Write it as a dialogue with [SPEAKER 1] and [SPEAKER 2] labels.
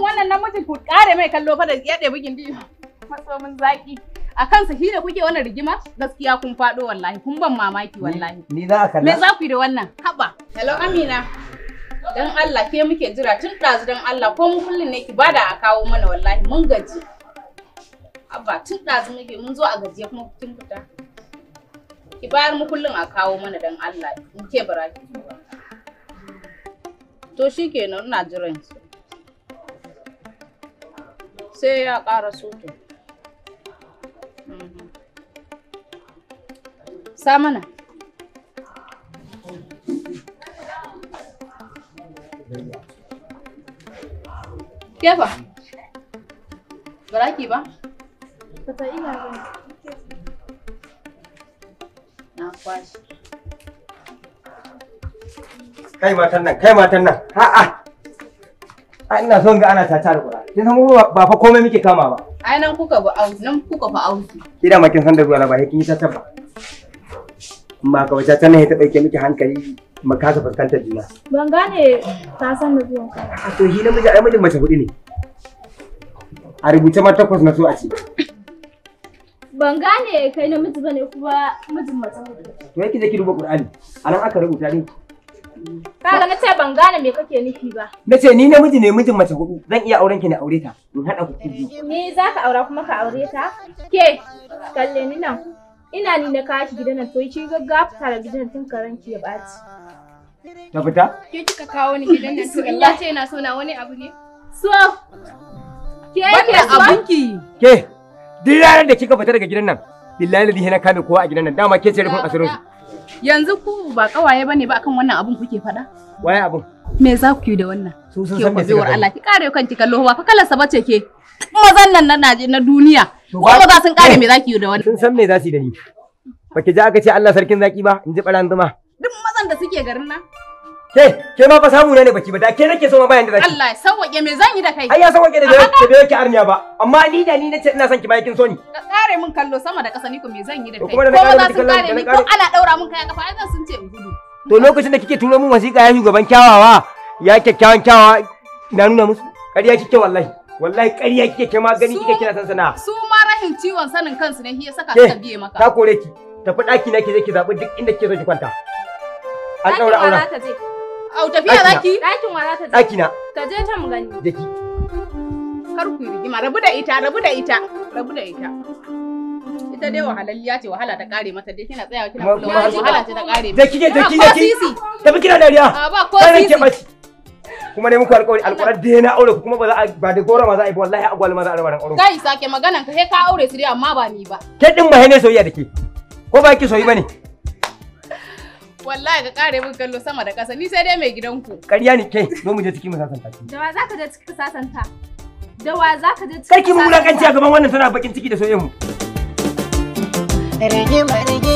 [SPEAKER 1] wannan namiji ku kare mai kallo fa da ya ɗebi gindi matsomin zaki. A kansa shi da kuke wannan rigima gaskiya kun fado wallahi kun ban mamaki wallahi.
[SPEAKER 2] Ni za a kalla. Me za
[SPEAKER 1] ku yi da wannan? Haba. Hello Amina. Dan Allah ke muke jira tun ɗazu dan Allah ko mu kullun ne ki bada a kawo mana wallahi mun gaji. Abba tun ɗazu muke mun zo a gajiya kuma tun fita. Ki bayar mu kullum a kawo mana dan Allah in ke baraki. To shikenan ina jiran su. sai ya ƙara soto mhm. samana kefa baraki ba ta ina na kwashi
[SPEAKER 2] kai matan nan kai matan nan a'a ina son ga ana tata da kin san ba fa komai muke kama ba
[SPEAKER 1] ai nan kuka ba au nan kuka fa au
[SPEAKER 2] kida ma kin san da ruwa ba kin yi ta tabba amma ka wata tana ta dauke miki hankali mu kasa fuskantar juna
[SPEAKER 1] ban gane ta san da zuwan ka a
[SPEAKER 2] to hi namiji ai mijin mace hudu ne a rubuce ma takwas na so a ce
[SPEAKER 1] ban gane kai namiji bane kuma mijin mace hudu
[SPEAKER 2] to yake je ki duba qur'ani anan aka rubuta ne
[SPEAKER 1] Kaga na ce ban gane me kake nufi ba.
[SPEAKER 2] Na ce ni namiji ne mijin mace hudu zan iya auren ki na aure ta in haɗa ku biyu.
[SPEAKER 1] Ni za ka aura kuma ka aure ta? Ke kalle ni nan. Ina ni na kashi gidan nan to ki gaggafa tare gidan tun karanki ya ɓaci. Ta fita? Ke kika kawo ni gidan nan to Allah ce yana so na wani abu ne. So ke ke abinki.
[SPEAKER 2] Ke duk ranar da kika fita daga gidan nan billahi na kame kowa a gidan nan dama ke ce rufin asirin su.
[SPEAKER 1] Yanzu ku ba kawaye bane ba akan wannan abun kuke faɗa?
[SPEAKER 2] Waye abun? Me za ku yi da wannan? Su sun san me Allah
[SPEAKER 1] ki kare kanki kallo ba fa kalarsa bace ke. Mazan nan na na duniya.
[SPEAKER 2] Ko ba sun kare me za ki yi da wannan? Sun san me za su yi da ni. Ba ki ji aka ce Allah sarkin zaki ba in ji ɓaran
[SPEAKER 1] Duk mazan da suke garin nan.
[SPEAKER 2] Ke, ke ma fa samu ne baki ba, da ke nake so ma bayan da zaki.
[SPEAKER 1] Allah ya sauwaƙe me zan yi da kai? Ai ya sauwaƙe da da
[SPEAKER 2] da yake arniya ba, amma ni da ni nace ina son ki bayan kin so ni.
[SPEAKER 1] Ka tsare min kallo sama da ƙasa ni ko me zan yi da kai? Ko za su kare ni ko ana daura min kaya kafa ai zan sun ce in gudu.
[SPEAKER 2] To lokacin da kike turo min wasiƙa ya shugaban kyawawa, ya kyakkyawan kyawawa na nuna musu. Ƙarya kike wallahi. Wallahi ƙarya kike ke ma gani kike kina san sana. Su
[SPEAKER 1] ma rahin ciwon sanin kansu ne shi ya saka suka biye maka. Ta
[SPEAKER 2] kore ki. Tafi ɗaki na ki je ki zaɓi duk inda kike so ki kwanta. An ɗaura aura.
[SPEAKER 1] Au tafiya zaki? Ɗakin wa za ta je? Ɗakina. Ka je ta mu gani. Da ki. Kar ku yi rigima, rabu da ita, rabu da ita, rabu da ita. Ita dai wahalalliya ce, wahala ta kare mata dai kina tsayawa kina kula wahala ce ta kare. Da kike, da ki, da ki. Tafi kina dariya. Ba ko sisi.
[SPEAKER 2] kuma ne muku alƙawari alƙawarar da na aure ku kuma ba za a ba da gora ma za a yi ba wallahi agwal ma za a rabar aure
[SPEAKER 1] kai sake maganan ka sai ka aure su dai amma ba ni ba
[SPEAKER 2] ke din ba ne soyayya dake ko ba ki soyayya bane
[SPEAKER 1] Wallahi ka kare mun kallo sama da ƙasa, ni sai dai mai gidanku. Ƙarya
[SPEAKER 2] ne kai, zo mu je cikin sasanta.
[SPEAKER 1] Da wa za ka je cikin sasanta? Da wa za ka je cikin kai Karki mu wulakanci a
[SPEAKER 2] gaban wannan tana bakin ciki da soyayyen mu. Rigima rigima.